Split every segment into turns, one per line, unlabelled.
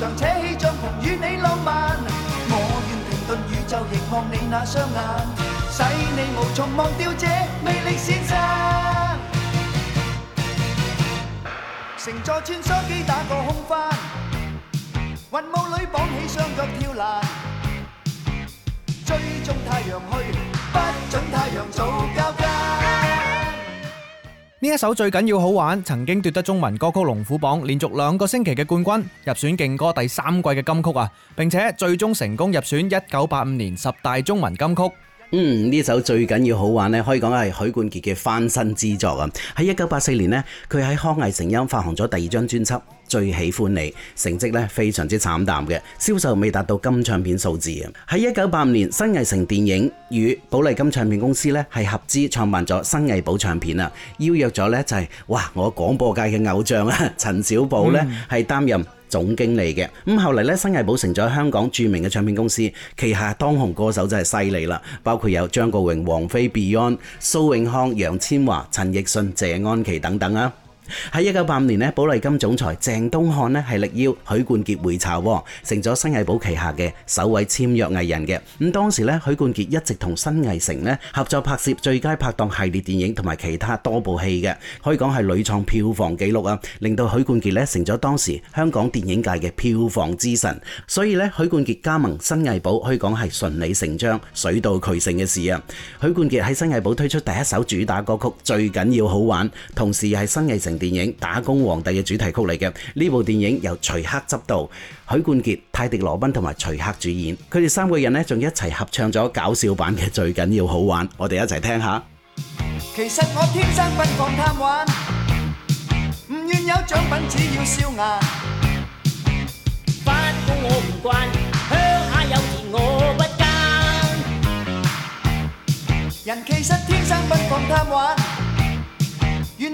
常扯起帳篷與你浪漫，我願停頓宇宙，凝望你那雙眼，使你無從忘掉這魅力先生。乘坐穿梭機打個空翻，雲霧裏綁起雙腳跳欄。
呢一首最緊要好玩，曾經奪得中文歌曲龍虎榜連續兩個星期嘅冠軍，入選勁歌第三季嘅金曲啊，並且最終成功入選一九八五年十大中文金曲。嗯，
呢首最緊要好玩呢，可以講係許冠傑嘅翻身之作啊。喺一九八四年呢，佢喺康藝成音發行咗第二張專輯《最喜歡你》，成績呢，非常之慘淡嘅，銷售未達到金唱片數字啊。喺一九八五年，新藝城電影與寶麗金唱片公司呢係合資創辦咗新藝寶唱片啦，邀約咗呢就係、是、哇，我廣播界嘅偶像啊，陳小寶呢係擔任總經理嘅。咁後嚟咧，新藝寶成咗香港著名嘅唱片公司，旗下當紅歌手就係犀利啦，包括有張國榮、王菲、Beyond、蘇永康、楊千嬅、陳奕迅、謝安琪等等啊！喺一九八五年呢，寶麗金總裁鄭東漢呢係力邀許冠傑回巢，成咗新藝寶旗下嘅首位簽約藝人嘅。咁當時呢，許冠傑一直同新藝城呢合作拍攝最佳拍檔系列電影同埋其他多部戲嘅，可以講係屢創票房紀錄啊，令到許冠傑呢成咗當時香港電影界嘅票房之神。所以呢，許冠傑加盟新藝寶，可以講係順理成章、水到渠成嘅事啊。許冠傑喺新藝寶推出第一首主打歌曲《最緊要好玩》，同時係新藝城。電影《打工皇帝》嘅主題曲嚟嘅，呢部電影由徐克執導，許冠傑、泰迪羅賓同埋徐克主演，佢哋三個人呢，仲一齊合唱咗搞笑版嘅《最緊要好玩》，我哋一齊聽下。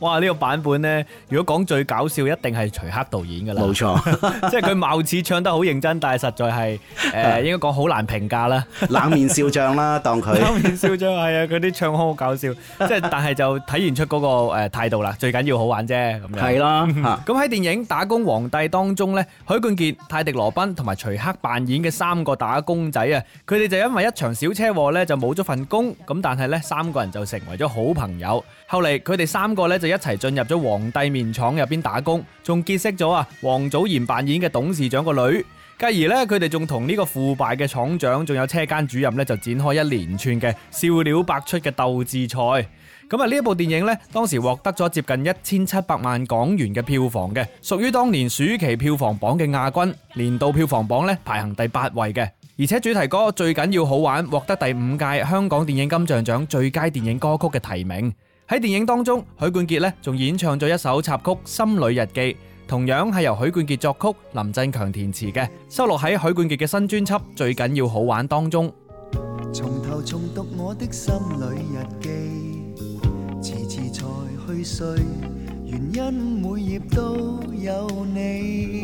哇！呢個版本咧，如果講最搞笑，一定係徐克導演㗎喇。冇錯，即係佢貌似唱得好認真，但係實在係誒應該講好難評價啦。冷面笑
匠啦，當佢冷面
笑匠係啊！佢啲唱腔好搞笑，即係但係就體現出嗰個誒態度啦。最緊要好玩啫，咁樣係啦嚇。咁喺電影《打工皇帝》當中咧，許冠傑、泰迪羅賓同埋徐克扮演嘅三個打工仔啊，佢哋就因為一場小車禍咧就冇咗份工，咁但係咧三個人就成為咗好朋友。後嚟佢哋三個咧就一齊進入咗皇帝麵廠入邊打工，仲結識咗啊。王祖賢扮演嘅董事長個女，繼而呢，佢哋仲同呢個腐敗嘅廠長，仲有車間主任咧就展開一連串嘅笑料百出嘅鬥智賽。咁啊呢一部電影呢，當時獲得咗接近一千七百萬港元嘅票房嘅，屬於當年暑期票房榜嘅亞軍，年度票房榜咧排行第八位嘅。而且主題歌最緊要好玩，獲得第五屆香港電影金像獎最佳電影歌曲嘅提名。喺電影當中，許冠傑呢仲演唱咗一首插曲《心裏日記》，同樣係由許冠傑作曲、林振強填詞嘅，收錄喺許冠傑嘅新專輯《最緊要好玩》當中。
從頭重讀我的心裏日記，遲遲才去睡，原因每頁都有你。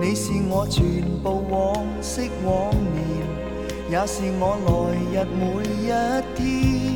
你是我全部往昔往年，也是我來日每一天。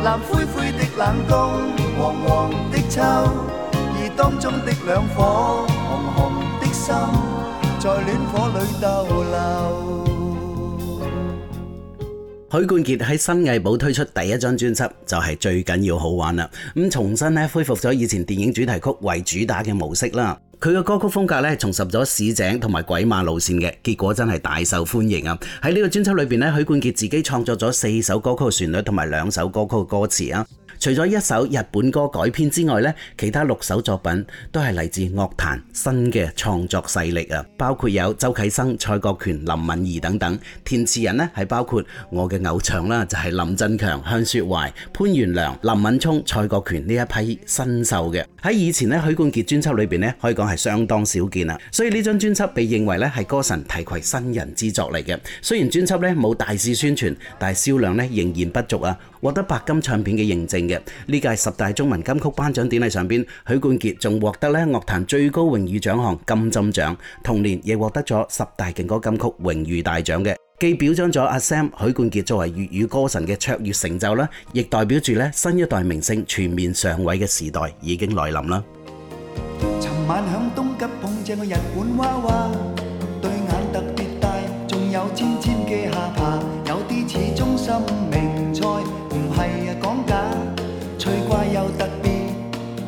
藍灰灰的冷冬，黃黃的秋，而當中的兩顆紅紅的心在戀火裏逗留。
許冠傑喺新藝寶推出第一張專輯就係、是、最緊要好玩啦，咁重新呢恢復咗以前電影主題曲為主打嘅模式啦。佢嘅歌曲風格咧係重拾咗市井同埋鬼馬路線嘅，結果真係大受歡迎啊！喺呢個專輯裏面，咧，許冠傑自己創作咗四首歌曲嘅旋律同埋兩首歌曲嘅歌詞。除咗一首日本歌改編之外呢，其他六首作品都係嚟自樂壇新嘅創作勢力啊，包括有周啟生、蔡國權、林敏怡等等，填詞人呢係包括我嘅偶像啦，就係林振強、向雪懷、潘元良、林敏聰、蔡國權呢一批新秀嘅。喺以前呢，許冠傑專輯裏面呢，可以講係相當少見啊，所以呢張專輯被認為呢係歌神提携新人之作嚟嘅。雖然專輯呢冇大肆宣傳，但係銷量呢仍然不俗啊。獲得白金唱片嘅認證嘅。呢屆十大中文金曲頒獎典禮上邊，許冠傑仲獲得咧樂壇最高榮譽獎項金針獎，同年亦獲得咗十大勁歌金曲榮譽大獎嘅，既表彰咗阿 Sam 許冠傑作為粵語歌神嘅卓越成就啦，亦代表住咧新一代明星全面上位嘅時代已經來臨啦。
尋晚響東急碰正嘅日本娃娃。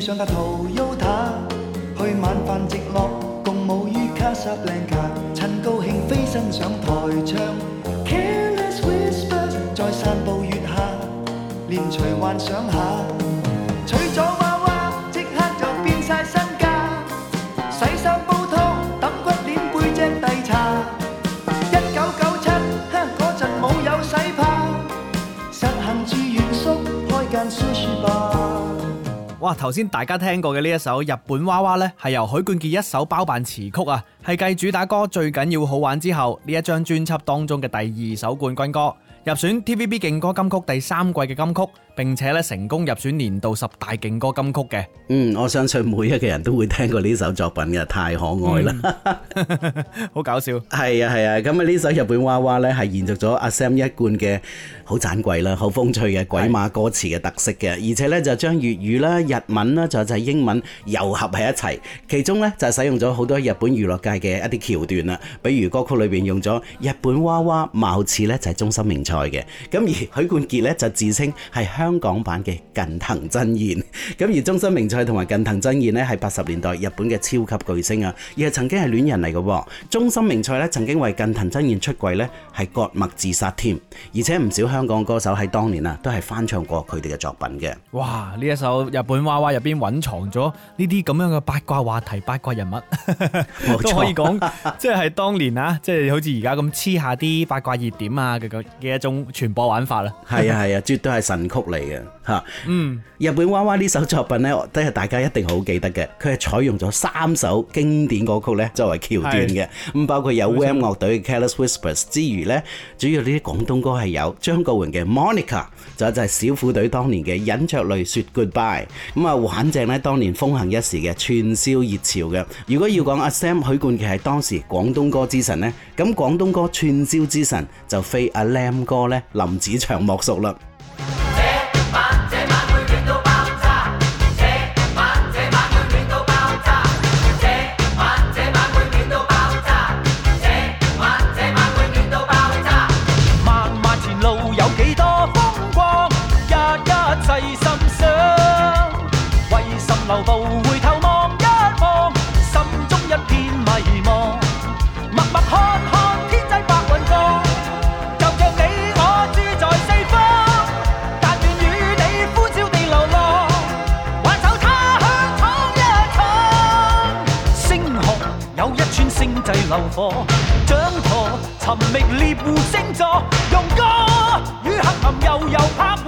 上架 Toyota 去晚飯直落，共舞於卡薩布蘭卡，趁高興飛身上台唱。Mm hmm. Careless Whisper 再散步月下，mm hmm. 連隨幻想下，娶咗娃娃即刻就變晒身家，洗衫煲湯，揼骨臉背脊遞茶。一九九七，哈嗰陣冇有洗怕，實行住原宿開間 sushi
哇！頭先大家聽過嘅呢一首《日本娃娃》呢，係由許冠傑一手包辦詞曲啊，係繼主打歌最緊要好玩之後，呢一張專輯當中嘅第二首冠軍歌，入選 TVB 勁歌金曲第三季嘅金曲。並且咧成功入選年度十大勁歌金曲嘅。
嗯，
我相信每一個人都會聽過呢首作品嘅，太可愛啦，
好、嗯、 搞
笑。係啊，係啊，咁啊呢首日本娃娃呢，係延續咗阿 Sam 一貫嘅好盞鬼啦，好風趣嘅鬼馬歌詞嘅特色嘅，對而且呢，就將粵語啦、日文啦，就就係英文糅合喺一齊。其中呢，就使用咗好多日本娛樂界嘅一啲橋段啦，比如歌曲裏邊用咗日本娃娃，貌似呢就係中心名菜嘅。咁而許冠傑呢，就自稱係香香港版嘅近藤真彥，咁而中森明菜同埋近藤真彥呢，係八十年代日本嘅超級巨星啊，亦係曾經係戀人嚟嘅。中森明菜呢，曾經為近藤真彥出櫃呢，係割脈自殺添。而且唔少香港歌手喺當年啊，都係翻唱過佢哋嘅作品嘅。
哇！呢一首日本娃娃入邊蘊藏咗呢啲咁樣嘅八卦話題、八卦人物， 都可以講，即係 當年啊，即係好似而家咁黐下啲八卦熱點啊嘅嘅嘅一種傳播玩法啦。係啊係
啊，絕對係神曲嚟。嘅
嚇，
嗯，日本娃娃呢首作品呢，都係大家一定好記得嘅。佢係採用咗三首經典歌曲咧作為橋段嘅，咁是包括有 Wham! 樂隊嘅《Careless Whispers》之餘呢，主要呢啲廣東歌係有張國榮嘅《Monica》，再就係小虎隊當年嘅《忍着淚說 Goodbye》。咁啊，玩正呢當年風行一時嘅串燒熱潮嘅。如果要講阿 Sam 許冠傑係當時廣東歌之神呢，咁廣東歌串燒之神就非阿 Lam 哥呢林子祥莫屬啦。
祭流火，掌舵尋覓獵戶星座，用歌與黑暗悠悠拍和。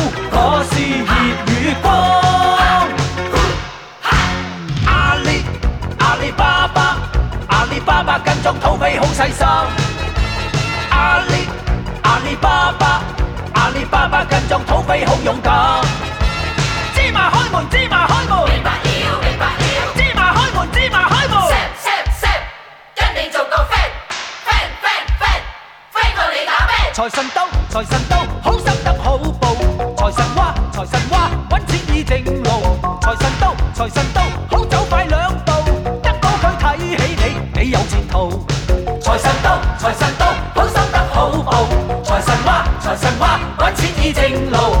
我是葉雨光阿。阿里阿里巴巴，阿里巴巴跟莊土匪好細心阿。阿阿里巴巴，阿里巴巴跟莊土匪好勇敢芝。芝麻開門，芝麻開門，明白了，明白了。芝麻開門，芝麻開門，step step step，跟你做個 friend，friend friend friend，飛過你打邊。財神到，財神到，好心得好報。財神話，財神話，揾錢依正路。財神到，財神到，好走快兩步。得到佢睇起你，你有前途。財神到，財神到，好心得好報。財神話，財神話，揾錢依正路。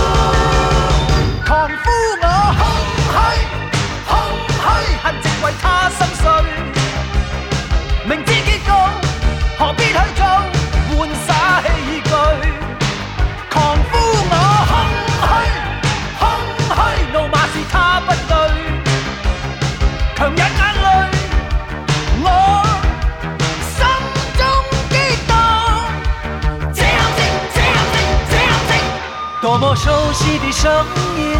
聲音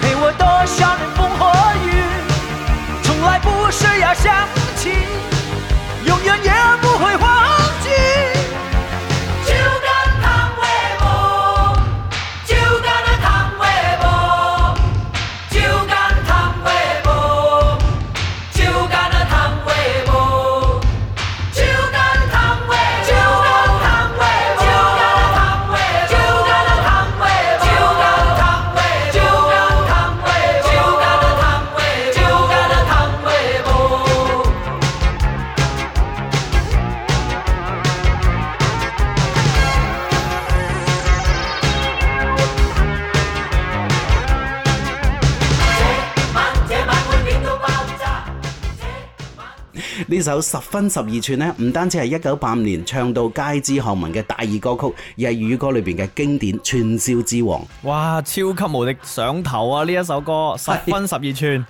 陪我多少年風和雨，從來不需要想起。
呢首《十分十二吋》呢，唔單止係一九八五年唱到街知巷聞嘅大熱歌曲，而係粵語歌裏邊嘅經典串燒之王。
哇，超級無敵上頭啊！呢一首歌《是十分十二吋，》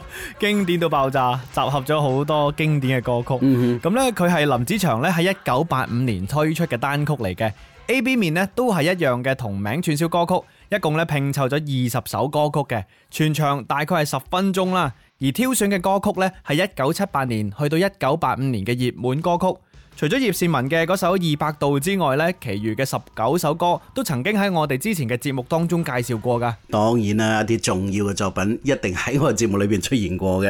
經典到爆炸，集合咗好多經典嘅歌曲。咁、嗯、哼呢，佢係林子祥呢喺一九八五年推出嘅單曲嚟嘅。A、B 面呢都係一樣嘅同名串燒歌曲，一共呢拼湊咗二十首歌曲嘅，全場大概係十分鐘啦。而挑選嘅歌曲咧，係一九七八年去到一九八五年嘅熱門歌曲。除咗葉倩文嘅首《二百度》之外咧，其餘嘅十九首歌都曾經喺我哋之前嘅節目當中介紹過噶。
當然啦，一啲重要嘅作品一定喺我節目裏邊出現過嘅。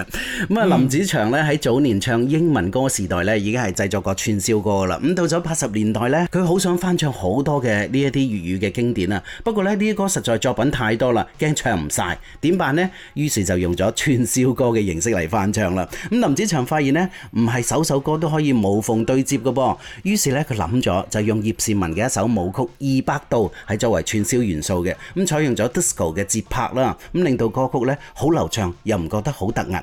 咁啊、嗯，林子祥咧喺早年唱英文歌時代咧，已經係製作過串燒歌啦。咁到咗八十年代咧，佢好想翻唱好多嘅呢一啲粵語嘅經典啊。不過咧，呢啲歌實在作品太多啦，驚唱唔晒，點辦咧？於是就用咗串燒歌嘅形式嚟翻唱啦。咁林子祥發現咧，唔係首首歌都可以無縫對接嘅噃，於是咧佢諗咗，就用葉倩文嘅一首舞曲《二百度》係作為串燒元素嘅，咁採用咗 disco 嘅節拍啦，咁令到歌曲咧好流暢，又唔覺得好突兀。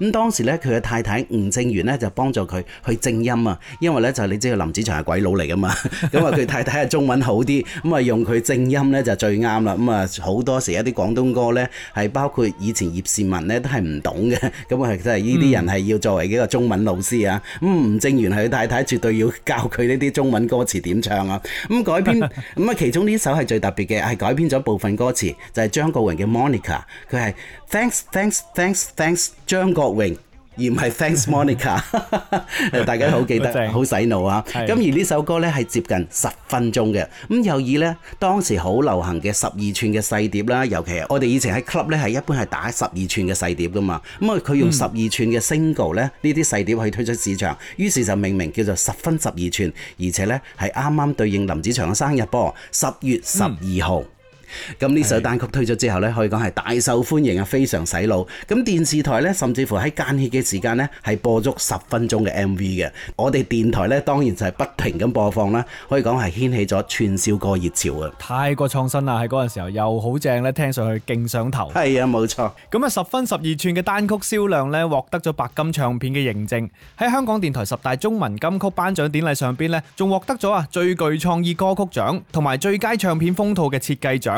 咁當時咧佢嘅太太吳正源吳正元咧就幫助佢去正音啊，因為咧就係你知嘅林子祥係鬼佬嚟噶嘛，咁啊佢太太係中文好啲，咁啊用佢正音咧就最啱啦，咁啊好多時一啲廣東歌咧係包括以前葉倩文咧都係唔懂嘅，咁啊真係呢啲人係要作為一個中文老師啊，咁吳、嗯嗯、正元係佢太太。絕對要教佢呢啲中文歌詞點唱啊！咁、嗯、改編咁啊、嗯，其中呢首係最特別嘅，係改編咗部分歌詞，就係、是、張國榮嘅 Mon《Monica》，佢係 Thanks Thanks Thanks Thanks 張國榮。而唔係 Thanks Monica， 大家好記得好洗腦啊！咁而呢首歌呢，係接近十分鐘嘅咁，又以呢當時好流行嘅十二吋嘅細碟啦，尤其我哋以前喺 club 呢，係一般係打十二吋嘅細碟噶嘛，咁啊佢用十二吋嘅 single 呢啲細碟去推出市場，於是就命名叫做十分十二吋，而且呢係啱啱對應林子祥嘅生日噃，十月十二號。咁呢首單曲推咗之後呢可以講係大受歡迎啊，非常洗腦。咁電視台呢，甚至乎喺間歇嘅時間呢，係播足十分鐘嘅 MV 嘅。我哋電台呢，當然就係不停咁播放啦。可以講係掀起咗串燒歌熱潮啊。
太過創新啦，喺嗰陣時候又好正咧，聽上去勁上頭。係啊，冇錯。咁啊，十分十二吋嘅單曲銷量呢，獲得咗白金唱片嘅認證。喺香港電台十大中文金曲頒獎典禮上面呢，仲獲得咗啊最具創意歌曲獎同埋最佳唱片封套嘅設計獎。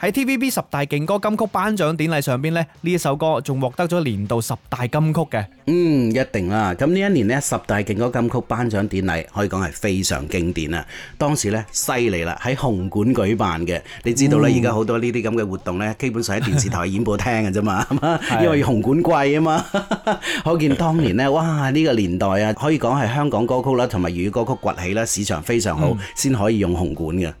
喺 TVB 十大勁歌金曲頒獎典禮上邊咧，呢一首歌仲獲得咗年度十大金曲嘅。
嗯，一定啦、啊。咁呢一年咧，十大勁歌金曲頒獎典禮可以講係非常經典啊，當時咧犀利啦，喺紅館舉辦嘅。你知道咧，而家好多呢啲咁嘅活動咧，基本上喺電視台演播廳嘅啫嘛， 因為紅館貴啊嘛。可 是見當年咧，哇！呢、這個年代啊，可以講係香港歌曲啦，同埋粵語歌曲崛起啦，市場非常好，先、嗯、可以用紅館嘅。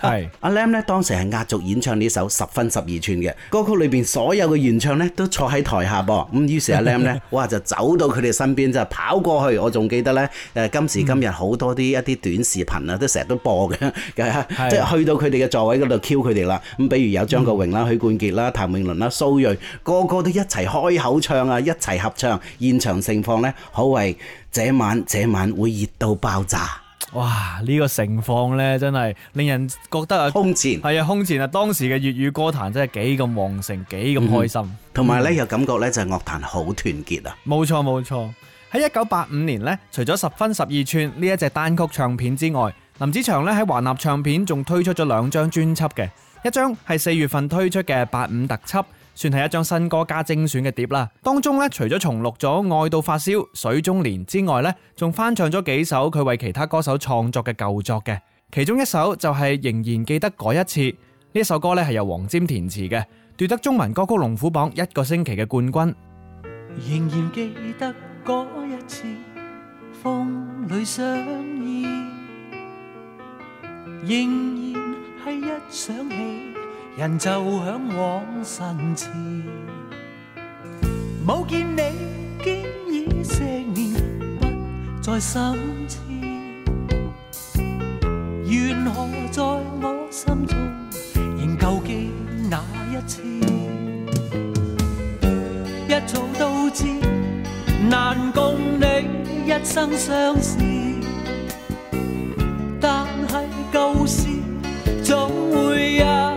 係
阿 Lam 咧，當時係壓軸演唱呢。首十分十二吋嘅歌曲裏邊，所有嘅原唱呢都坐喺台下噃，咁 於是阿 Lam 呢，哇就走到佢哋身邊，就係跑，跑過去。我仲記得呢，誒今時今日好多啲一啲短視頻啊，都成日都播嘅， 即係去到佢哋嘅座位嗰度 Q 佢哋啦。咁比如有張國榮啦、許、嗯、冠傑啦、譚詠麟啦、蘇芮，個個都一齊開口唱啊，一齊合唱，現場盛況呢，可謂這晚這晚會熱到爆炸。
哇！呢、這個情況呢真係令人覺得啊，空前係啊，空前啊！當時嘅粵語歌壇真係幾咁旺盛，幾咁開心，同埋、嗯、呢有
感覺呢，就係樂壇好團結啊！
冇錯冇錯，喺一九八五年呢，除咗《十分十二吋》呢一隻單曲唱片之外，林子祥呢喺華納唱片仲推出咗兩張專輯嘅，一張係四月份推出嘅《八五特輯》。算係一張新歌加精選嘅碟啦，當中咧除咗重錄咗《愛到發燒》《水中蓮》之外咧，仲翻唱咗幾首佢為其他歌手創作嘅舊作嘅，其中一首就係《仍然記得嗰一次》，呢一首歌咧係由黃霑填詞嘅，奪得中文歌曲龍虎榜一個星期嘅冠軍。
仍然記得嗰一次，風裏相依，仍然係一想起。人就向往神前，無見你堅已石面，不再心痴。緣何在我心中，仍舊記那一次？一早都知難共你一生相思，但係舊事總會有、啊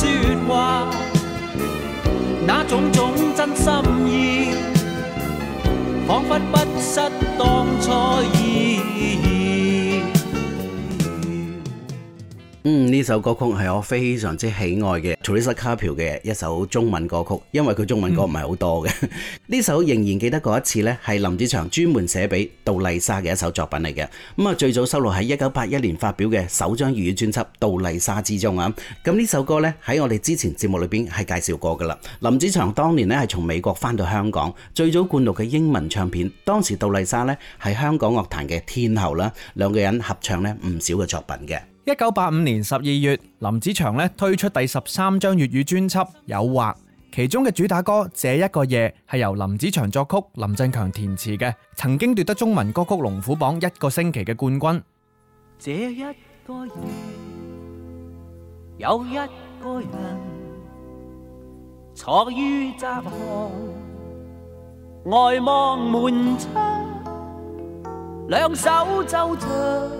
說話，那種種真心意，仿佛不失當初意。
嗯，呢首歌曲係我非常之喜愛嘅 Teresa Carpio 嘅一首中文歌曲。因為佢中文歌唔係好多嘅呢 首，仍然記得嗰一次呢係林子祥專門寫俾杜麗莎嘅一首作品嚟嘅。咁啊，最早收錄喺一九八一年發表嘅首張粵語專輯《杜麗莎》之中啊。咁呢首歌呢，喺我哋之前節目裏邊係介紹過噶啦。林子祥當年呢，係從美國翻到香港，最早灌錄嘅英文唱片。當時杜麗莎呢，係香港樂壇嘅天后啦，兩個人合唱呢唔少嘅作品嘅。
一九八五年十二月，林子祥咧推出第十三張粵語專輯《誘惑》，其中嘅主打歌《這一個夜》係由林子祥作曲、林振強填詞嘅，曾經奪得中文歌曲龍虎榜一個星期嘅冠軍。
這一個夜，有一個人，坐於窄巷，外望門窗，兩手就着。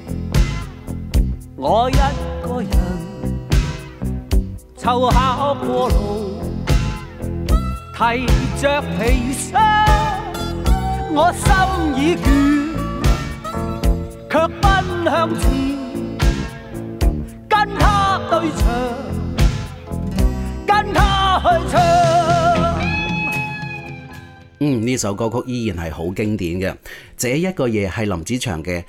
我一個人湊好過路，提着皮箱，我心已倦，卻奔向前，跟他對唱，跟他去唱。
嗯，呢首歌曲依然係好經典嘅，這一個夜係林子祥嘅。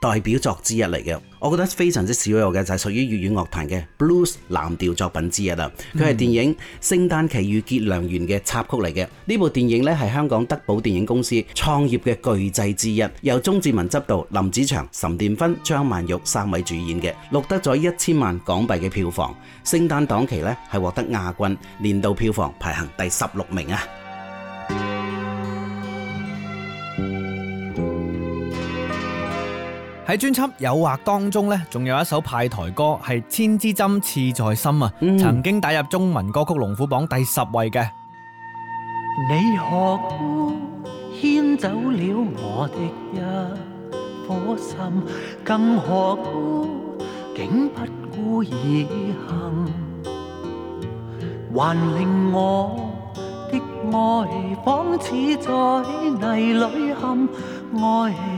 代表作之一嚟嘅，我覺得非常之少有嘅，就係屬於粵語樂壇嘅 blues 藍調作品之一啦。佢係電影《聖誕奇遇結良緣》嘅插曲嚟嘅。呢部電影呢係香港德寶電影公司創業嘅巨製之一，由鐘志文執導，林子祥、岑建勳、張曼玉三位主演嘅，錄得咗一千萬港幣嘅票房。聖誕檔期呢係獲得亞軍，年度票房排行第十六名啊。
喺專輯《誘惑》當中呢，仲有一首派台歌係《千枝針刺在心》啊，曾經打入中文歌曲龍虎榜第十位嘅。
你何故牽走了我的一顆心？更何故竟不顧而行？還令我的愛彷似在泥裏陷，愛。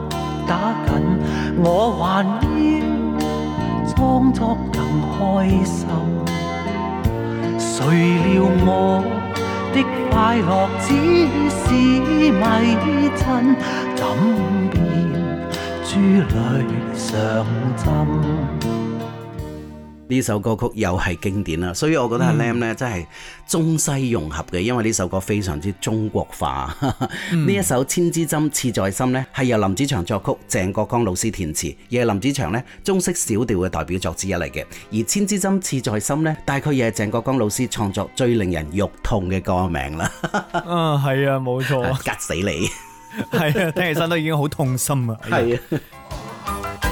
打緊，我還要裝作更開心。誰料我的快樂只是迷陣，怎變珠淚常浸。
呢首歌曲又係經典啦，所以我覺得阿 Lam 咧真係中西融合嘅，因為呢首歌非常之中國化。呢一、嗯、首《千枝針刺在心》呢係由林子祥作曲，鄭國江老師填詞，亦係林子祥咧中式小調嘅代表作之一嚟嘅。而《千枝針刺在心》呢，大概又係鄭國江老師創作最令人肉痛嘅歌名啦。
啊，係啊，冇錯，夾死你！係啊，聽起身都已經好痛心啊，係啊。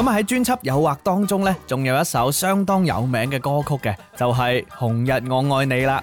咁啊喺專輯《誘惑》當中咧，仲有一首相當有名嘅歌曲嘅，就係《紅日我愛
你》啦。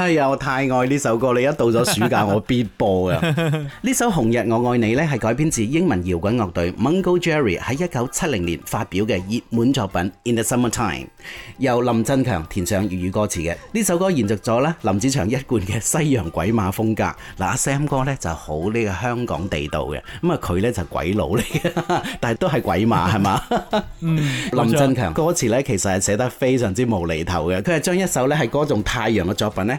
哎呀！我太愛呢首歌，你一到咗暑假，我必播啊！呢首《紅日我愛你》咧係改編自英文搖滾樂隊 Mungo Jerry 喺一九七零年發表嘅熱門作品《In the Summer Time》，由林振強填上粵語歌詞嘅。呢首歌延續咗咧林子祥一貫嘅西洋鬼馬風格。嗱，阿 Sam 哥咧就好呢個香港地道嘅，咁啊佢咧就鬼佬嚟嘅，但係都係鬼馬係嘛？
林振
強歌詞咧其實係寫得非常之無厘頭嘅，佢係將一首咧係歌頌太陽嘅作品咧。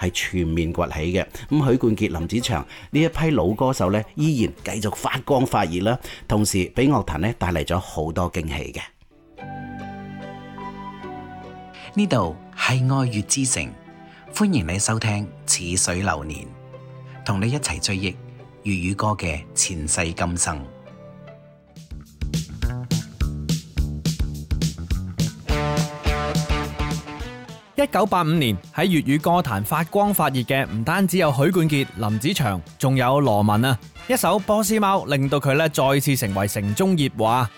係全面崛起嘅，咁許冠傑、林子祥呢一批老歌手呢，依然繼續發光發熱啦，同時俾樂壇呢帶嚟咗好多驚喜嘅。呢度係愛粵之城，歡迎你收聽《似水流年》，同你一齊追憶粵語歌嘅前世今生。
一九八五年喺粵語歌壇發光發熱嘅，唔單止有許冠傑、林子祥，仲有羅文啊！一首《波斯貓》令到佢咧再次成為城中熱話。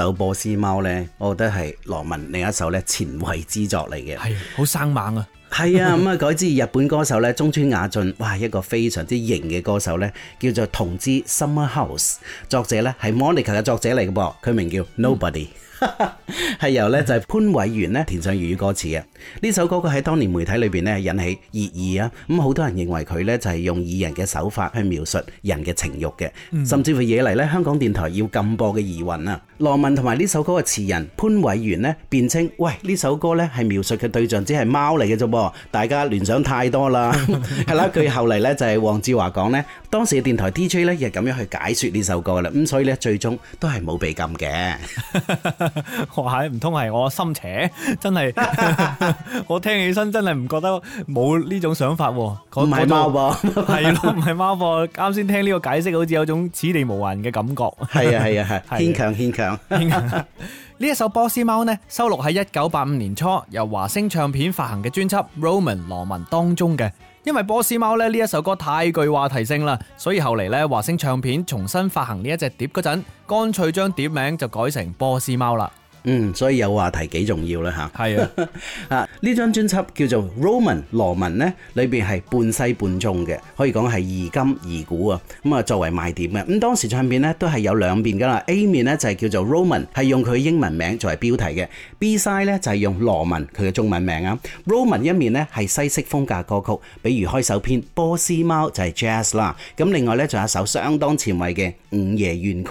首波斯貓呢，我覺得係羅文另一首咧前衞之作嚟嘅，係
好生猛啊！
係啊，咁啊改之日本歌手呢，中村雅俊，哇，一個非常之型嘅歌手呢，叫做同知 Summer House，作者呢係 Monica 嘅作者嚟嘅噃，佢名叫 Nobody。嗯係由咧就係潘偉源咧填上粵語歌詞嘅呢首歌，佢喺當年媒體裏邊咧引起熱議啊！咁好多人認為佢咧就係用擬人嘅手法去描述人嘅情慾嘅，甚至乎惹嚟咧香港電台要禁播嘅疑雲啊！羅文同埋呢首歌嘅詞人潘偉源咧辯稱：，喂呢首歌咧係描述嘅對象只係貓嚟嘅啫噃，大家聯想太多啦！係啦，佢後嚟咧就係黃志華講咧，當時嘅電台 DJ 咧亦咁樣去解說呢首歌啦，咁所以咧最終都係冇被禁嘅。
哇！唔通係我心邪？真係 我聽起身真係唔覺得冇呢種想法。唔係貓噃，係咯唔係貓噃。啱 先 聽呢個解釋，好似有種此地無銀嘅感覺。係 啊係啊係！牽強牽強。呢 一首波斯貓呢，收錄喺一九八五年初由華星唱片發行嘅專輯《Roman 羅文》當中嘅。因為波斯貓呢一首歌太具話題性啦，所以後來呢華星唱片重新發行呢一隻碟嗰陣，乾脆將碟名就改成《波斯貓》啦。
嗯，所以有話題幾重要啦吓。係啊
的，啊呢張專
輯叫做 Roman 羅文呢裏邊係半西半中嘅，可以講係亦今亦古啊。咁、嗯、啊作為賣點嘅，咁當時唱片呢都係有兩面噶啦。A 面呢就係、是、叫做 Roman，係用佢英文名作為標題嘅。B side 呢就係、是、用羅文佢嘅中文名啊。Roman 一面呢係西式風格歌曲，比如開首篇波斯貓就係 jazz 啦。咁另外呢，仲有一首相當前衛嘅午夜怨曲。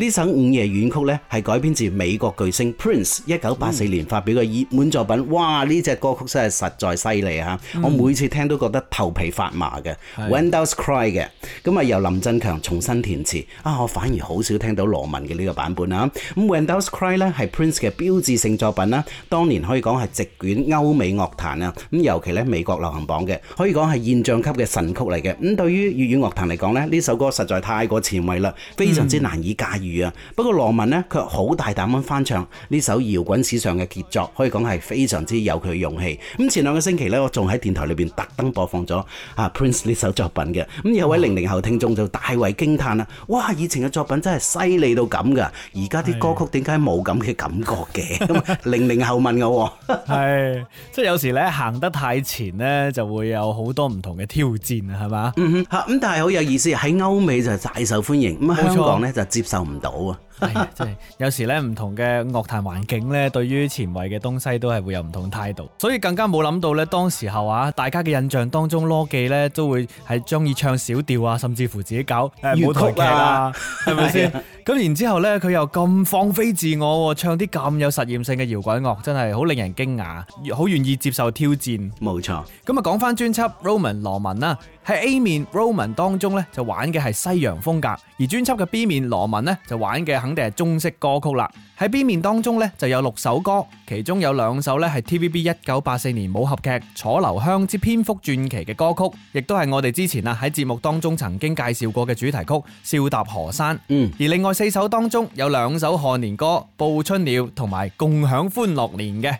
呢首午夜軟曲咧係改編自美國巨星 Prince 一九八四年發表嘅熱門作品，哇！呢隻歌曲真係實在犀利啊，我每次聽都覺得頭皮發麻嘅。When Doves Cry 嘅，咁啊由林振強重新填詞啊我反而好少聽到羅文嘅呢個版本啊。咁 When Doves Cry 咧係 Prince 嘅標誌性作品啦，當年可以講係席捲歐美樂壇啊，咁尤其咧美國流行榜嘅，可以講係現象級嘅神曲嚟嘅。咁對於粵語樂壇嚟講咧，呢首歌實在太過前衛啦，非常之難以駕馭。不過羅文呢，卻好大膽咁翻唱呢首搖滾史上嘅傑作，可以講係非常之有佢嘅勇氣。咁前兩個星期呢，我仲喺電台裏邊特登播放咗啊 Prince 呢首作品嘅。咁有位零零後聽眾就大為驚歎啦！哇，以前嘅作品真係犀利到咁噶，而家啲歌曲點解冇咁嘅感覺嘅？ 零零後問我、哦：
「係，即係有時咧行得太前呢，就會有好多唔同嘅挑戰啊，係嘛？嗯哼，好咁，但係好有意思，喺歐美就大
受歡迎，咁、 嗯、香港呢就接受唔。到啊！
係、 哎、有時咧，唔同嘅樂壇環境咧，對於前衛嘅東西都係會有唔同態度，所以更加冇諗到咧，當時候啊，大家嘅印象當中，羅技咧都會係中意唱小調啊，甚至乎自己搞粵、哎、曲啊，係咪先？咁然之後咧，佢又咁放飛自我、啊，唱啲咁有實驗性嘅搖滾樂，真係好令人驚訝，好願意接受挑戰。冇錯錯。咁啊，講翻專輯《Roman》羅文啦，喺 A 面《Roman》當中咧就玩嘅係西洋風格，而專輯嘅 B 面《羅文》呢，就玩嘅。肯定係中式歌曲啦，喺 B 面當中呢就有六首歌，其中有兩首呢係 TVB 一九八四年武俠劇《楚留香之蝙蝠傳奇》嘅歌曲，亦都係我哋之前啊喺節目當中曾經介紹過嘅主題曲《笑踏河山》。嗯，而另外四首當中有兩首賀年歌，《報春鳥》同埋《共享歡樂年》嘅。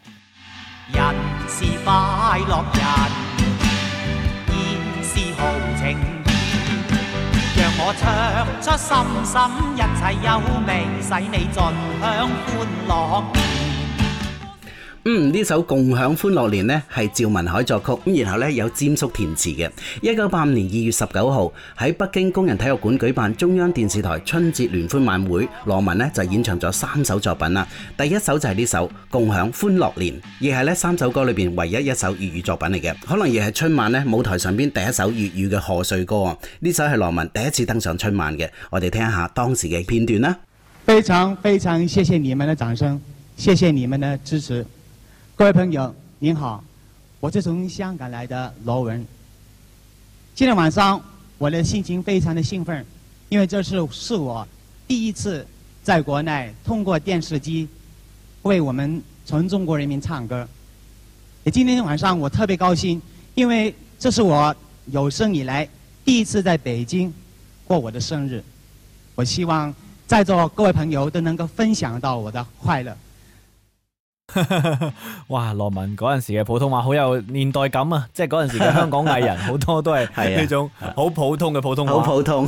人是快樂人，意是豪情。我唱出心心，一切優美，使你盡享歡樂。
嗯，呢首《共享歡樂年》呢，係趙文海作曲，咁然後呢，有占叔填詞嘅。一九八五年二月十九號喺北京工人體育館舉辦中央電視台春節聯歡晚會，羅文呢，就演唱咗三首作品啦。第一首就係呢首《共享歡樂年》，亦係呢三首歌裏邊唯一一首粵語作品嚟嘅，可能亦係春晚呢舞台上邊第一首粵語嘅賀歲歌啊。呢首係羅文第一次登上春晚嘅，我哋聽一下當時嘅片段啦。
非常非常謝謝你們的掌聲，謝謝你們的支持。各位朋友，您好，我是從香港來的羅文。今天晚上我的心情非常的興奮，因為這是是我第一次在國內通過電視機為我們全中國人民唱歌。也今天晚上我特別高興，因為這是我有生以來第一次在北京過我的生日。
我希望
在座各位朋友都能夠分享到我的快樂。
哇！羅文嗰陣時嘅普通話好有年代感啊，即係嗰陣時嘅香港藝人好多都係呢種好普通嘅普通話、 啊啊。好普
通，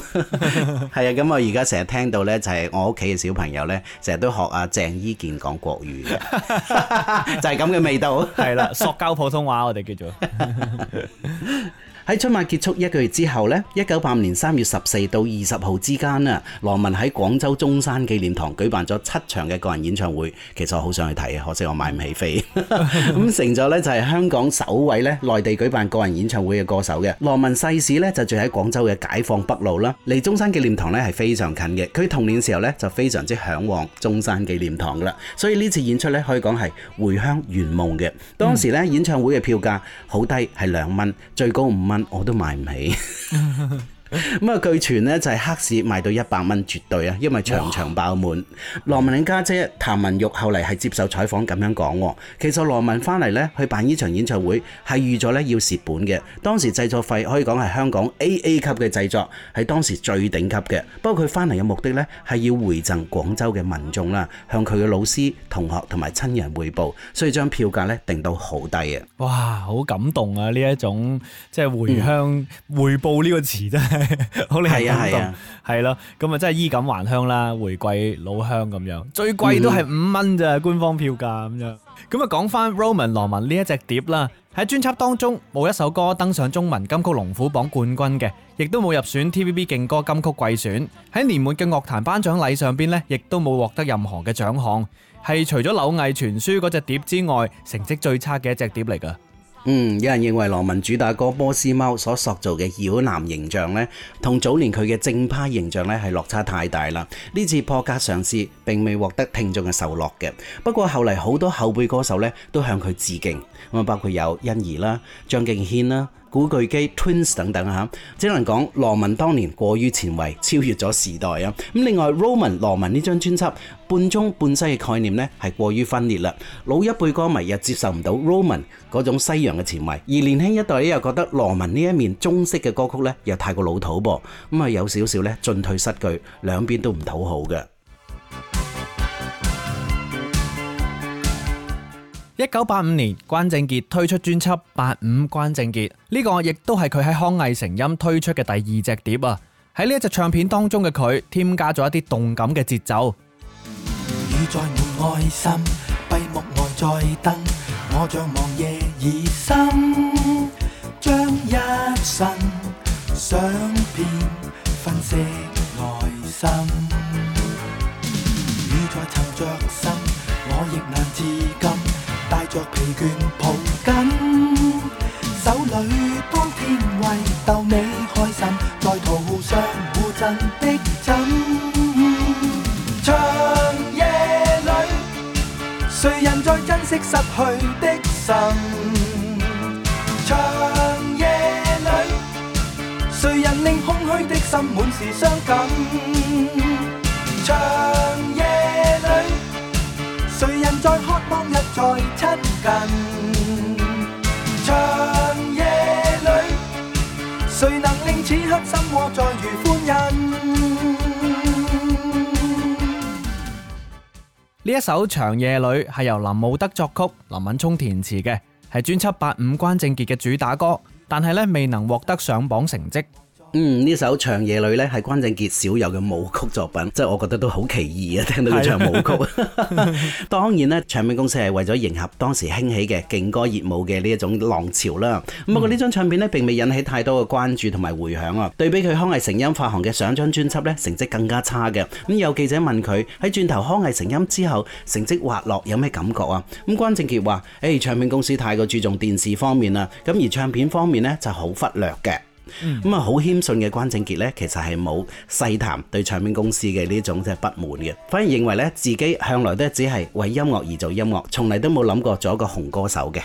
係 啊！咁我而家成日聽到呢，就係、係、我屋企嘅小朋友呢，成日都學阿鄭伊健講國語
嘅， 就係咁嘅味道。係 啦、啊，塑膠普通話我哋叫做。
喺春晚結束一個月之後呢，一九八五年三月十四到二十號之間啊，羅文喺廣州中山紀念堂舉辦咗七場嘅個人演唱會。其實我好想去睇嘅，可惜我買唔起飛。咁 成就呢就係香港首位喺內地舉辦個人演唱會嘅歌手嘅。羅文世事呢就住喺廣州嘅解放北路啦，離中山紀念堂呢係非常近嘅。佢童年時候呢就非常之向往中山紀念堂噶啦，所以呢次演出呢可以講係回鄉圓夢嘅。當時呢演唱會嘅票價好低，係兩蚊，最高五蚊。我都買唔起。咁啊，據傳咧就係黑市賣到一百蚊，絕對啊，因為場場爆滿。羅文玲家姐譚文玉後嚟係接受採訪咁樣講，其實羅文翻嚟呢去辦呢場演唱會係預咗呢要蝕本嘅。當時製作費可以講係香港 AA 級嘅製作，係當時最頂級嘅。不過佢翻嚟嘅目的呢係要回贈廣州嘅民眾啦，向佢嘅老師、同學同埋親人匯報，所以將票價呢定到好低
嘅。哇，好感動啊！呢一種即係回鄉匯、嗯、報呢個詞真係。好靚係啊係啊係咯咁啊真係衣錦還鄉啦回歸老鄉咁樣最貴都係五蚊咋官方票價咁樣咁啊講翻 Roman 羅文呢一隻碟啦喺專輯當中冇一首歌登上中文金曲龍虎榜冠軍嘅亦都冇入選 TVB 勁歌金曲季選喺年尾嘅樂壇頒獎禮上邊呢亦都冇獲得任何嘅獎項係除咗柳毅傳書嗰隻碟之外成績最差嘅一隻碟嚟噶。
嗯，有人認為羅文主打歌《波斯貓》所塑造嘅妖男形象呢同早年佢嘅正派形象呢係落差太大啦。呢次破格嘗試，並未獲得聽眾嘅受落嘅。不過後嚟好多後輩歌手呢都向佢致敬，咁啊包括有欣宜啦、張敬軒啦。古巨基 Twins 等等吓，只能講羅文當年過於前衛，超越咗時代啊！咁另外 Roman 羅文呢張專輯半中半西嘅概念咧係過於分裂啦。老一輩歌迷又接受唔到 Roman 嗰種西洋嘅前衛，而年輕一代又覺得羅文呢一面中式嘅歌曲又太過老土噃，咁啊有少少咧進退失
據，兩邊都唔討好嘅。一九八五年，關正傑推出專輯《八五關正傑》，呢個亦都係佢喺康藝成音推出嘅第二隻碟啊！喺呢一隻唱片當中嘅佢，添加咗一啲動感嘅節奏。雨在門
外心，閉目外再燈，我像望夜已深，將一生想遍分析內心。」雨在沉着心，我亦難自禁。帶着疲倦，抱緊手裏，當天為逗你開心，在途上互贈的枕，長夜裏，誰人在珍惜失去的心？長夜裏，誰人令空虛的心滿是傷感？長。誰人在渴望日再親近？長夜裏，誰能令此刻心窩再如歡欣？
呢一首《長夜裏》係由林慕德作曲，林敏聰填詞嘅，係專輯《八五》關正傑嘅主打歌，但係咧未能獲得上榜成績。
嗯，呢首《長夜裏》咧係關正傑少有嘅舞曲作品，即係我覺得都好奇異啊！聽到佢唱舞曲， 當然咧唱片公司係為咗迎合當時興起嘅勁歌熱舞嘅呢一種浪潮啦。不過呢張唱片咧並未引起太多嘅關注同埋回響啊。對比佢康藝成音發行嘅上張專輯咧，成績更加差嘅。咁有記者問佢喺轉投康藝成音之後，成績滑落有咩感覺啊？咁關正傑話，誒唱片公司太過注重電視方面啦，咁而唱片方面咧就好忽略嘅。咁啊，好謙遜嘅關正傑咧，其實係冇細談對唱片公司嘅呢種即係不滿嘅，反而認為咧自己向來都只係為音樂而做音樂，從嚟都冇諗過做一個紅歌手嘅。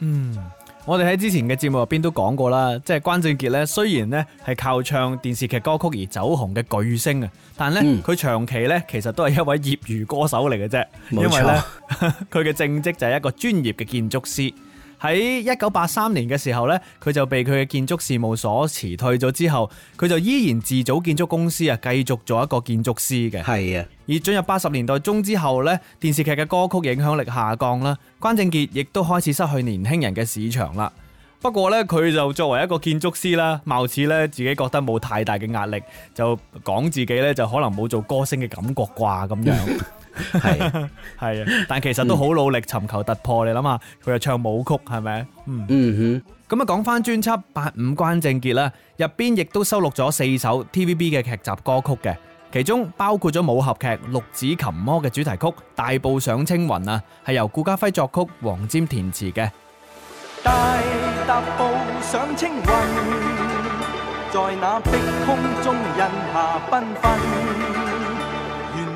嗯，我哋喺之前嘅節目入邊都講過啦，即係關正傑咧，雖然呢係靠唱電視劇歌曲而走紅嘅巨星啊，但咧佢、嗯、長期咧其實都係一位業餘歌手嚟嘅啫，因為咧佢嘅正職就係一個專業嘅建築師。喺一九八三年嘅時候呢，佢就被佢嘅建築事務所辭退咗之後，佢就依然自組建築公司啊，繼續做一個建築師嘅。係啊的，而進入八十年代中之後呢，電視劇嘅歌曲影響力下降啦，關正傑亦都開始失去年輕人嘅市場啦。不過呢，佢就作為一個建築師啦，貌似呢自己覺得冇太大嘅壓力，就講自己呢就可能冇做歌星嘅感覺啩咁樣。 係係啊，但其實都好努力尋 求突破，嗯、你諗下，佢又唱舞曲係咪？嗯嗯哼，咁啊，講翻專輯《八五關正傑》啦，入邊亦都收錄咗四首 TVB 嘅劇集歌曲嘅，其中包括咗武俠劇《六指琴魔》嘅主題曲《大步上青雲》啊，係由顧嘉輝作曲、黃沾填詞嘅。
大踏步上青雲，在那碧空中印下繽紛。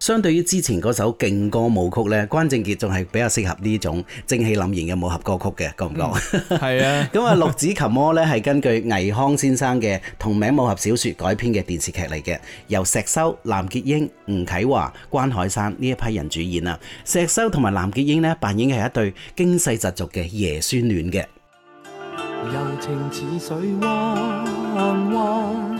相對於之前嗰首勁歌舞曲呢，關正傑仲係比較適合呢種正氣凜然嘅武俠歌曲嘅，覺唔覺？係、嗯、啊，咁啊《六指琴魔》呢，係根據倪匡先生嘅同名武俠小說改編嘅電視劇嚟嘅，由石修、藍潔瑛、吳啟華、關海山呢一批人主演啊。石修同埋藍潔瑛呢，扮演嘅係一對驚世駭俗嘅爺孫戀嘅。
柔情似水汪汪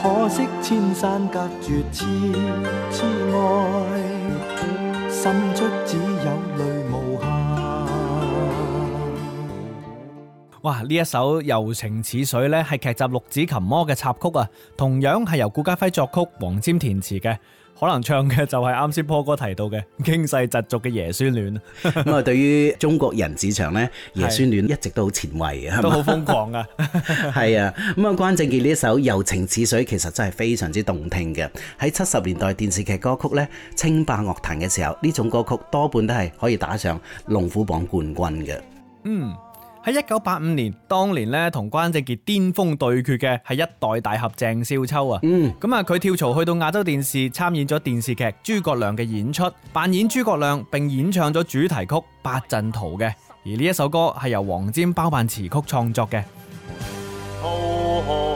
可惜千山隔絕，千癡愛滲出只有淚無限。
哇！呢一首《柔情似水》咧，係劇集《六指琴魔》嘅插曲啊，同樣係由顧嘉輝作曲、黃霑填詞嘅。可能唱嘅就係啱先 Paul 哥提到嘅驚世疾俗嘅爺孫戀
咁啊， 對於中國人市場呢，爺孫戀一直都好前衞嘅，是吧都好瘋狂啊。係啊，咁啊，關正傑呢一首《柔情似水》其實真係非常之動聽嘅。喺七十年代電視劇歌曲咧，稱霸樂壇嘅時候，呢種歌曲多半都係可以打上龍虎榜冠軍嘅。嗯。
喺一九八五年，當年咧同關正傑巔峰對決嘅係一代大俠鄭少秋啊。嗯，咁啊，佢跳槽去到亞洲電視參演咗電視劇《諸葛亮》嘅演出，扮演諸葛亮，並演唱咗主題曲《八陣圖》嘅。而呢一首歌係由黃沾包辦詞曲創作嘅。吐吐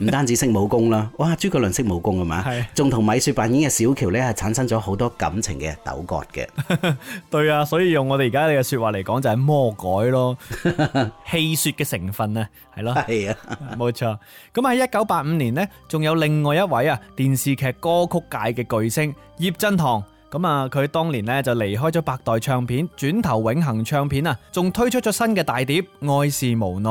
唔單止識武功啦，哇！諸葛亮識武功啊嘛，仲同米雪扮演嘅小喬咧，係產生咗好多感情嘅糾
葛嘅。對啊，所以用我哋而家嘅說話嚟講，就係魔改咯，戲說嘅成分啊，係咯，係啊，冇錯。咁喺一九八五年咧，仲有另外一位啊，電視劇歌曲界嘅巨星葉振棠。咁啊，佢當年咧就離開咗百代唱片，轉投永恒唱片啊，仲推出咗新嘅大碟《愛是無奈》。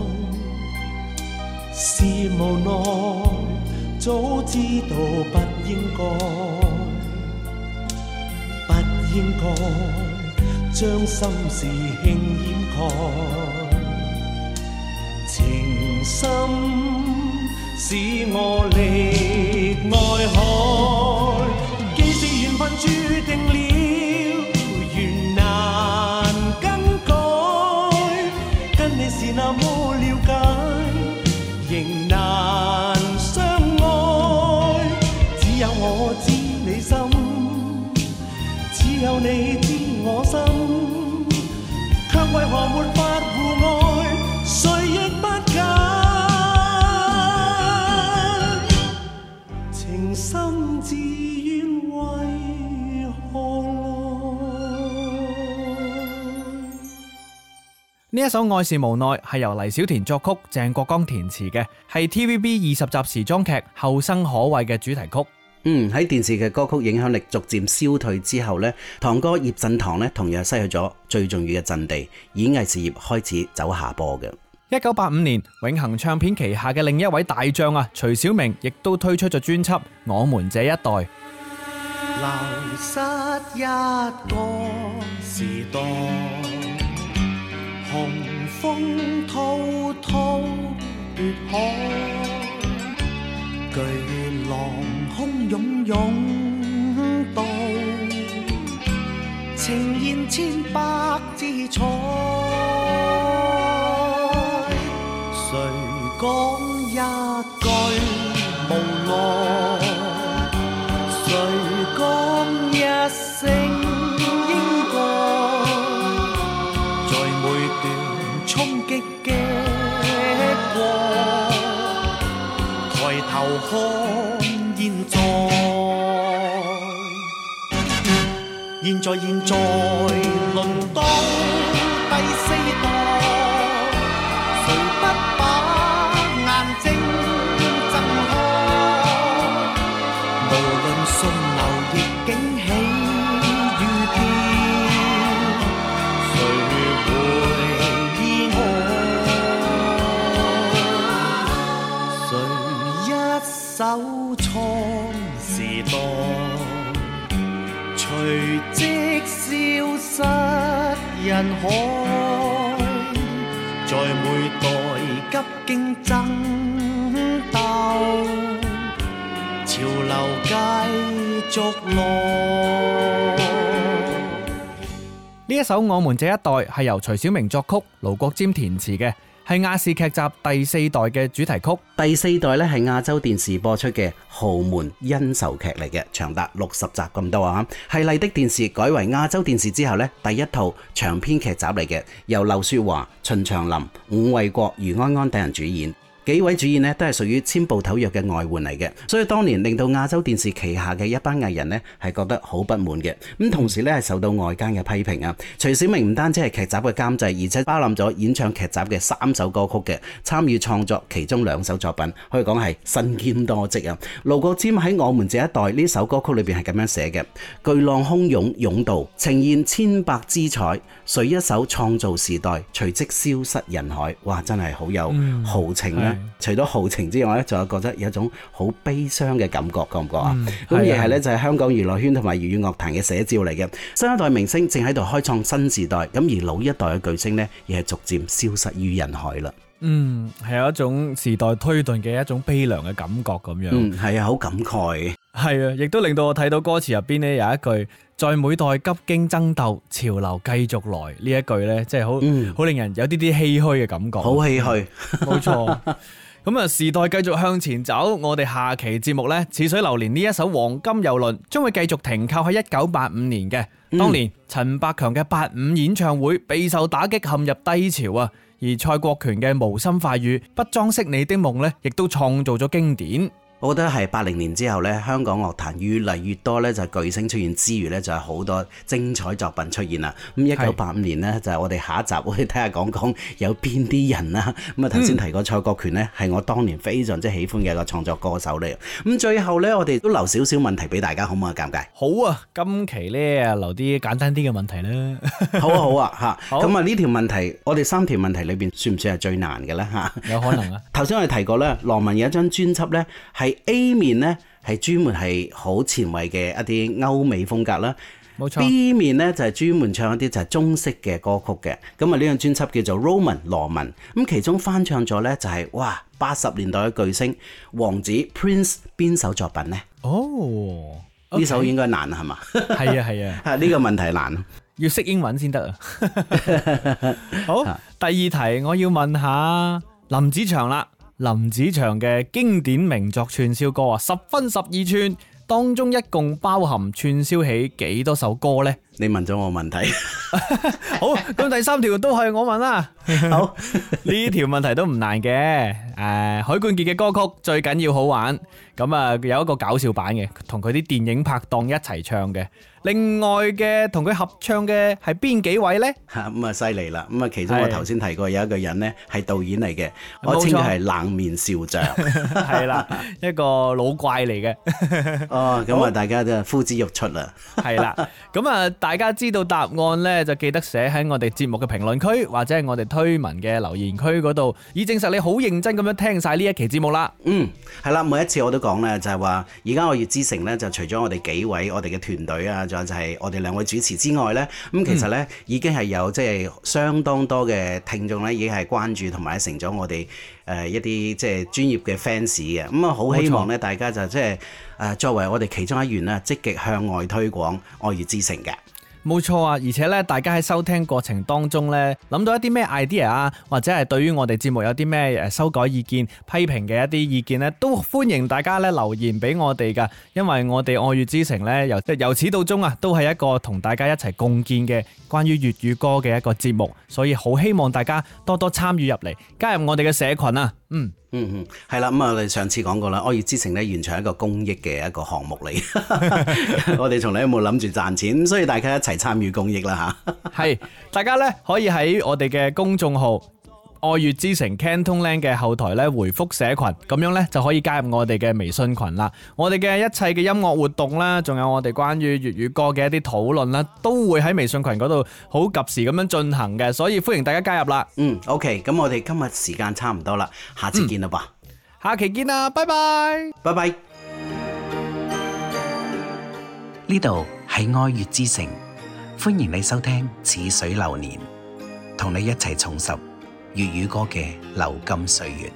是無奈，早知道不應該，不應該將心事輕掩蓋。情深使我溺愛海。情深自怨為
何來？呢一首《愛是無奈》係由黎小田作曲、鄭國江填詞嘅，係 TVB 二十集時裝劇《後生可畏》嘅主題曲。嗯，喺電視嘅
歌曲影響力逐漸消退之後呢，堂哥葉振棠咧同樣失去咗最重要嘅陣地，演藝事業開始走下坡嘅。
一九八五年，永恆唱片旗下嘅另一位大將啊，徐小明亦都推出咗專輯《我們這一代》。
流失一個時代，雄風滔滔，絕海，巨浪洶湧湧到，情言千百姿錯看現在，現在，現在。人海，在每代急經爭
鬥，潮流繼續浪。呢一首《我們這一代》係由徐小明作曲、盧國沾填,填詞嘅。係亞視劇集第四代嘅主題曲，第四代咧，係亞洲電視播出嘅豪門恩仇劇嚟嘅，長達
六十集咁多。啊。係麗的電視改為亞洲電視之後咧，第一套長篇劇集嚟嘅，由劉雪華、秦祥林、伍衛國、余安安等人主演。幾位主演都係屬於簽部頭約嘅外援嚟嘅，所以當年令到亞洲電視旗下嘅一班藝人呢，係覺得好不滿嘅，咁同時呢，係受到外間嘅批評啊。徐小明唔單止係劇集嘅監製，而且包攬咗演唱劇集嘅三首歌曲嘅，參與創作其中兩首作品，可以講係身兼多職啊。盧國沾在《路過尖》喺我們這一代呢首歌曲裏邊係咁樣寫嘅：巨浪洶湧湧到，呈現千百姿彩，誰一首創造時代，隨即消失人海。哇，真係好有豪情啊！除咗豪情之外咧，仲有覺得有一種好悲傷嘅感覺，嗯、感覺唔覺啊？咁而係咧，就係香港娛樂圈同埋粵語樂壇嘅寫照嚟嘅。新一代明星正喺度開創新時代，咁而老一代嘅巨星呢，亦係逐漸消失於人海啦。嗯，
係有一種時代推動嘅一種悲涼嘅感覺咁樣。嗯，係啊，好感慨。係啊，亦都令到我睇到歌詞入邊咧有一句，在每代急經爭鬥，潮流繼續來呢一句呢，即係好好令人有啲啲唏噓嘅感覺。好唏噓，冇錯、嗯。咁啊， 時代繼續向前走，我哋下期節目呢，《似水流年》呢一首黃金遊輪，將會繼續停靠喺一九八五年嘅當年陳、嗯、百強嘅八五演唱會，備受打擊陷入低潮啊！而蔡國權嘅《無心快語》、《不裝飾你的夢》呢，亦都創造咗經典。我覺得係八零年之後呢，香港樂壇越嚟越多
呢就巨星出現之餘呢就係好多精彩作品出現啦。咁一九八五年呢，是就係我哋下一集去睇下講講有邊啲人啦、啊。咁啊頭先提過蔡國權呢，係、嗯、我當年非常之喜歡嘅一個創作歌手嚟。咁最後呢，我哋都留少少問題俾大家，好唔好啊？尷尬。
好啊，今期呢，留啲簡單啲嘅問題啦、 啊。好啊好啊，咁
啊呢條問題，好我哋三條問題裏面算唔算係最難嘅呢？ 有可能啊。頭先我哋提過呢，羅文有一張專輯呢。A 面呢係專門係好前衛嘅一啲歐美風格啦，冇錯。B 面呢就係專門唱一啲就係中式嘅歌曲嘅。咁啊呢張專輯叫做 Roman 羅文，咁其中翻唱咗呢就係，哇八十年代嘅巨星王子 Prince 邊首作品呢？
哦，呢首應該難係嘛？係啊係
啊，啊呢 個問題難，
要識英文先得啊。 好，第二題我要問下林子祥啦。林子祥嘅經典名作串燒歌啊，十分十二吋當中一共包含串燒起幾多首歌呢？你問咗我， 我問題， 好，咁第三條都係我問啦。好，呢 條問題都唔難嘅，誒、啊，許冠傑嘅歌曲最緊要好玩，咁啊有一個搞笑版嘅，同佢啲電影拍檔一齊唱嘅。另外嘅同佢合唱嘅係邊幾位咧？咁啊
犀利啦！咁啊、嗯，其中我頭先提過的有一個人呢，係導演嚟嘅，錯我稱佢係冷面笑匠，
係啦，一個老怪嚟嘅。
哦，咁啊我，大家都呼
之欲出啦。係 啦，咁啊，大家知道答案呢，就記得寫喺我哋節目嘅評論區，或者係我哋推文嘅留言區嗰度，以證實你好認真咁樣聽晒呢一期節目啦。嗯，係啦，每一次我都講咧，就係話而家我粵之城呢，就除咗我哋幾
位我哋嘅團隊啊。就係我哋兩位主持之外呢，咁其實呢已經係有即係相當多嘅聽眾呢已經係關注同埋成咗我哋誒一啲即係專業嘅 fans 嘅，咁啊好希望呢，大家就即係誒作為我哋其中一員呢，積極向外推廣愛粵之城嘅。
冇錯啊，而且咧，大家喺收聽過程當中咧，諗到一啲咩 idea 啊，或者係對於我哋節目有啲咩誒修改意見、批評嘅一啲意見咧，都歡迎大家咧留言俾我哋噶，因為我哋愛粵之城咧，由由始到終啊，都係一個同大家一齊共建嘅關於粵語歌嘅一個節目，所以好希望大家多多參與入嚟，加入我哋嘅社群啊，嗯。
嗯
嗯，係啦，咁啊，我哋上次講過啦，愛粵之城咧完全係一個公益嘅一個項目嚟，
我哋從來都冇諗住賺錢，所以大家一齊參與公益啦吓。係， 大家咧可以喺我哋嘅公眾號。愛粵之城 CantonLand 嘅後台咧回覆社群，咁樣咧就可以加入我哋嘅微信群啦。我哋嘅一切嘅音樂活動啦，仲有我哋關於粵語歌嘅一啲討論啦，都會喺微信群嗰度好及時咁樣進行嘅，所以歡迎大家加入啦。嗯，OK，咁我哋今日時間差唔多啦，下次見啦噃、嗯，下期見啦，拜拜，
拜拜 bye。呢度係愛粵之城，歡迎你收聽《似水流年》，同你一齊重拾。粵語歌嘅《流金歲月》。